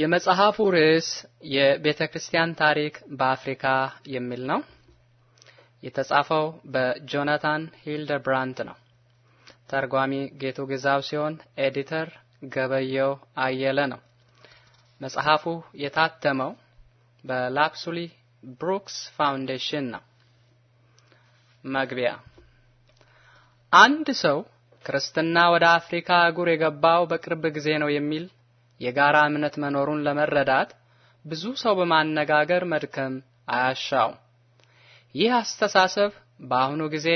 የመጽሐፉ ርዕስ የቤተ ክርስቲያን ታሪክ በአፍሪካ የሚል ነው። የተጻፈው በጆናታን ብራንት ነው። ተርጓሚ ጌቱ ግዛው ሲሆን ኤዲተር ገበየው አየለ ነው። መጽሐፉ የታተመው በላፕሱሊ ብሩክስ ፋውንዴሽን ነው። መግቢያ አንድ ሰው ክርስትና ወደ አፍሪካ አህጉር የገባው በቅርብ ጊዜ ነው የሚል የጋራ እምነት መኖሩን ለመረዳት ብዙ ሰው በማነጋገር መድከም አያሻው። ይህ አስተሳሰብ በአሁኑ ጊዜ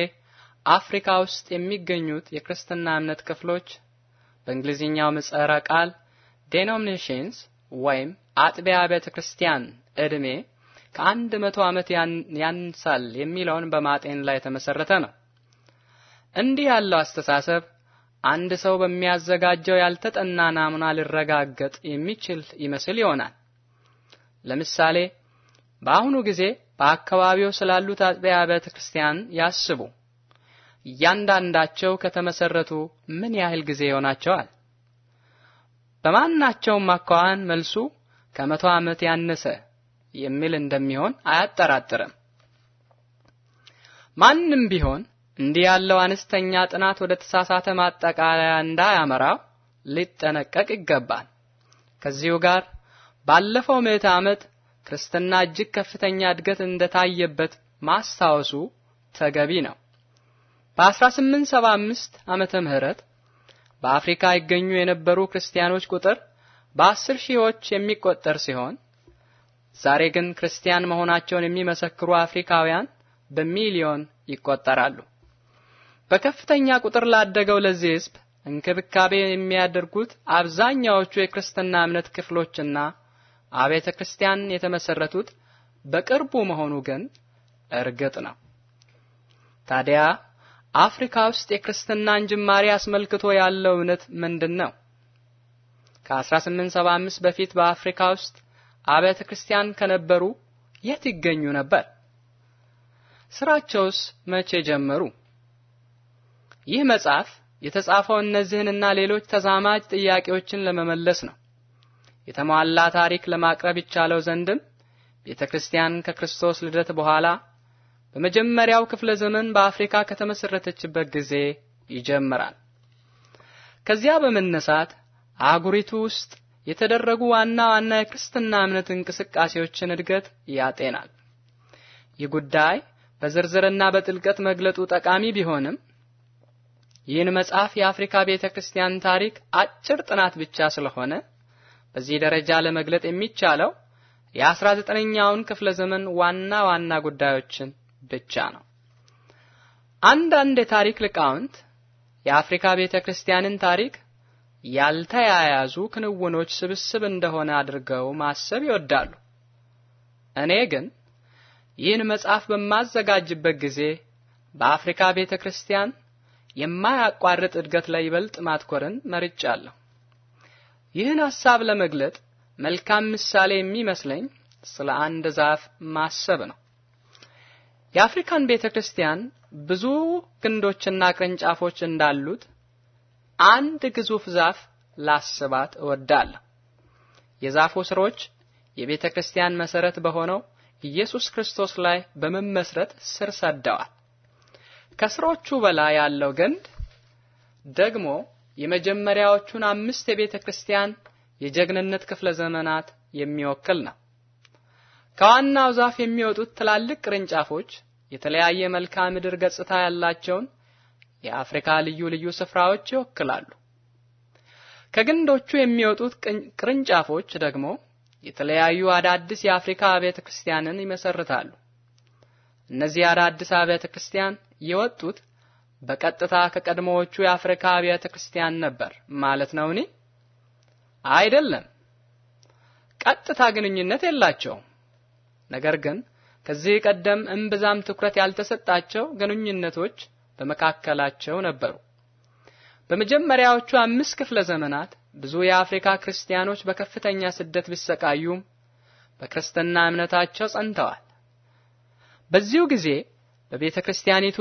አፍሪካ ውስጥ የሚገኙት የክርስትና እምነት ክፍሎች በእንግሊዝኛው ምጽረ ቃል ዴኖሚኔሽንስ ወይም አጥቢያ ቤተ ክርስቲያን ዕድሜ ከአንድ መቶ ዓመት ያንሳል የሚለውን በማጤን ላይ የተመሰረተ ነው። እንዲህ ያለው አስተሳሰብ አንድ ሰው በሚያዘጋጀው ያልተጠና ናሙና ሊረጋገጥ የሚችል ይመስል ይሆናል። ለምሳሌ በአሁኑ ጊዜ በአካባቢው ስላሉት አጥቢያ ቤተ ክርስቲያን ያስቡ። እያንዳንዳቸው ከተመሰረቱ ምን ያህል ጊዜ ይሆናቸዋል? በማናቸውም አኳኋን መልሱ ከመቶ ዓመት ያነሰ የሚል እንደሚሆን አያጠራጥርም። ማንም ቢሆን እንዲህ ያለው አነስተኛ ጥናት ወደ ተሳሳተ ማጠቃለያ እንዳያመራ ሊጠነቀቅ ይገባል። ከዚሁ ጋር ባለፈው ምዕተ ዓመት ክርስትና እጅግ ከፍተኛ እድገት እንደታየበት ማስታወሱ ተገቢ ነው። በ1875 ዓመተ ምህረት በአፍሪካ ይገኙ የነበሩ ክርስቲያኖች ቁጥር በ በአስር ሺዎች የሚቆጠር ሲሆን ዛሬ ግን ክርስቲያን መሆናቸውን የሚመሰክሩ አፍሪካውያን በሚሊዮን ይቆጠራሉ። በከፍተኛ ቁጥር ላደገው ለዚህ ህዝብ እንክብካቤ የሚያደርጉት አብዛኛዎቹ የክርስትና እምነት ክፍሎችና አብያተ ክርስቲያን የተመሰረቱት በቅርቡ መሆኑ ግን እርግጥ ነው። ታዲያ አፍሪካ ውስጥ የክርስትናን ጅማሬ አስመልክቶ ያለው እውነት ምንድን ነው? ከ1875 በፊት በአፍሪካ ውስጥ አብያተ ክርስቲያን ከነበሩ የት ይገኙ ነበር? ስራቸውስ መቼ ጀመሩ? ይህ መጽሐፍ የተጻፈው እነዚህንና ሌሎች ተዛማጅ ጥያቄዎችን ለመመለስ ነው። የተሟላ ታሪክ ለማቅረብ ይቻለው ዘንድም ቤተ ክርስቲያን ከክርስቶስ ልደት በኋላ በመጀመሪያው ክፍለ ዘመን በአፍሪካ ከተመሰረተችበት ጊዜ ይጀምራል። ከዚያ በመነሳት አህጉሪቱ ውስጥ የተደረጉ ዋና ዋና የክርስትና እምነት እንቅስቃሴዎችን እድገት ያጤናል። ይህ ጉዳይ በዝርዝርና በጥልቀት መግለጡ ጠቃሚ ቢሆንም ይህን መጽሐፍ የአፍሪካ ቤተ ክርስቲያን ታሪክ አጭር ጥናት ብቻ ስለሆነ በዚህ ደረጃ ለመግለጥ የሚቻለው የ19ኛውን ክፍለ ዘመን ዋና ዋና ጉዳዮችን ብቻ ነው። አንዳንድ የታሪክ ሊቃውንት የአፍሪካ ቤተ ክርስቲያንን ታሪክ ያልተያያዙ ክንውኖች ስብስብ እንደሆነ አድርገው ማሰብ ይወዳሉ። እኔ ግን ይህን መጽሐፍ በማዘጋጅበት ጊዜ በአፍሪካ ቤተ ክርስቲያን የማያቋርጥ እድገት ላይ ይበልጥ ማትኮርን መርጫለሁ። ይህን ሐሳብ ለመግለጥ መልካም ምሳሌ የሚመስለኝ ስለ አንድ ዛፍ ማሰብ ነው። የአፍሪካን ቤተ ክርስቲያን ብዙ ግንዶችና ቅርንጫፎች እንዳሉት አንድ ግዙፍ ዛፍ ላስባት እወዳለሁ። የዛፉ ስሮች የቤተ ክርስቲያን መሰረት በሆነው ኢየሱስ ክርስቶስ ላይ በመመስረት ስር ሰደዋል። ከስሮቹ በላይ ያለው ግንድ ደግሞ የመጀመሪያዎቹን አምስት የቤተ ክርስቲያን የጀግንነት ክፍለ ዘመናት የሚወክል ነው። ከዋናው ዛፍ የሚወጡት ትላልቅ ቅርንጫፎች የተለያየ መልክዓ ምድር ገጽታ ያላቸውን የአፍሪካ ልዩ ልዩ ስፍራዎች ይወክላሉ። ከግንዶቹ የሚወጡት ቅርንጫፎች ደግሞ የተለያዩ አዳዲስ የአፍሪካ አብያተ ክርስቲያንን ይመሰርታሉ። እነዚህ አዳዲስ አብያተ ክርስቲያን የወጡት በቀጥታ ከቀድሞዎቹ የአፍሪካ አብያተ ክርስቲያን ነበር ማለት ነው። እኔ አይደለም፣ ቀጥታ ግንኙነት የላቸውም። ነገር ግን ከዚህ ቀደም እምብዛም ትኩረት ያልተሰጣቸው ግንኙነቶች በመካከላቸው ነበሩ። በመጀመሪያዎቹ አምስት ክፍለ ዘመናት ብዙ የአፍሪካ ክርስቲያኖች በከፍተኛ ስደት ቢሰቃዩም በክርስትና እምነታቸው ጸንተዋል። በዚሁ ጊዜ በቤተ ክርስቲያኒቱ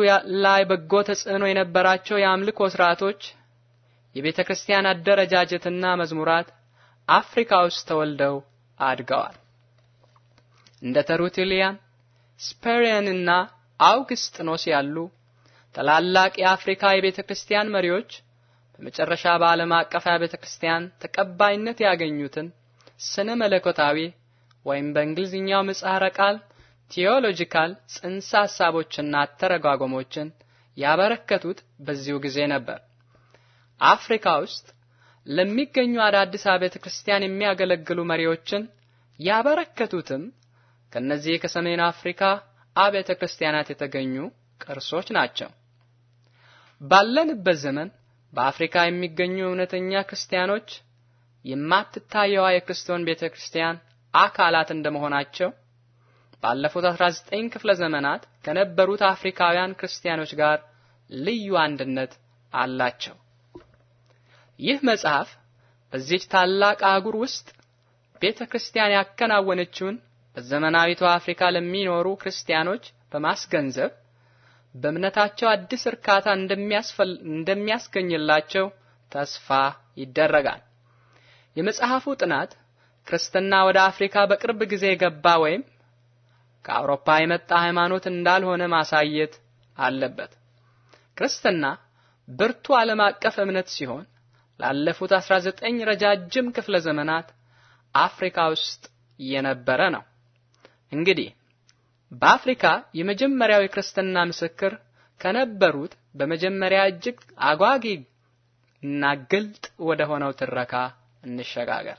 ላይ በጎ ተጽዕኖ የነበራቸው የአምልኮ ስርዓቶች፣ የቤተ ክርስቲያን አደረጃጀትና መዝሙራት አፍሪካ ውስጥ ተወልደው አድገዋል። እንደ ተሩቲሊያን ስፐሪያንና አውግስጥኖስ ያሉ ታላላቅ የአፍሪካ የቤተ ክርስቲያን መሪዎች በመጨረሻ በዓለም አቀፍ የቤተ ክርስቲያን ተቀባይነት ያገኙትን ስነ መለኮታዊ ወይም በእንግሊዝኛው ምጻረ ቃል ቴዎሎጂካል ጽንሰ ሐሳቦችና አተረጓጎሞችን ያበረከቱት በዚሁ ጊዜ ነበር። አፍሪካ ውስጥ ለሚገኙ አዳዲስ አብያተ ክርስቲያን የሚያገለግሉ መሪዎችን ያበረከቱትም ከነዚህ ከሰሜን አፍሪካ አብያተ ክርስቲያናት የተገኙ ቅርሶች ናቸው። ባለንበት ዘመን በአፍሪካ የሚገኙ እውነተኛ ክርስቲያኖች የማትታየዋ የክርስቶን ቤተክርስቲያን አካላት እንደመሆናቸው ባለፉት 19 ክፍለ ዘመናት ከነበሩት አፍሪካውያን ክርስቲያኖች ጋር ልዩ አንድነት አላቸው። ይህ መጽሐፍ በዚች ታላቅ አህጉር ውስጥ ቤተ ክርስቲያን ያከናወነችውን በዘመናዊቱ አፍሪካ ለሚኖሩ ክርስቲያኖች በማስገንዘብ በእምነታቸው አዲስ እርካታ እንደሚያስገኝላቸው ተስፋ ይደረጋል። የመጽሐፉ ጥናት ክርስትና ወደ አፍሪካ በቅርብ ጊዜ የገባ ወይም ከአውሮፓ የመጣ ሃይማኖት እንዳልሆነ ማሳየት አለበት። ክርስትና ብርቱ ዓለም አቀፍ እምነት ሲሆን ላለፉት 19 ረጃጅም ክፍለ ዘመናት አፍሪካ ውስጥ የነበረ ነው። እንግዲህ በአፍሪካ የመጀመሪያው የክርስትና ምስክር ከነበሩት በመጀመሪያ እጅግ አጓጊ እና ግልጥ ወደ ሆነው ትረካ እንሸጋገር።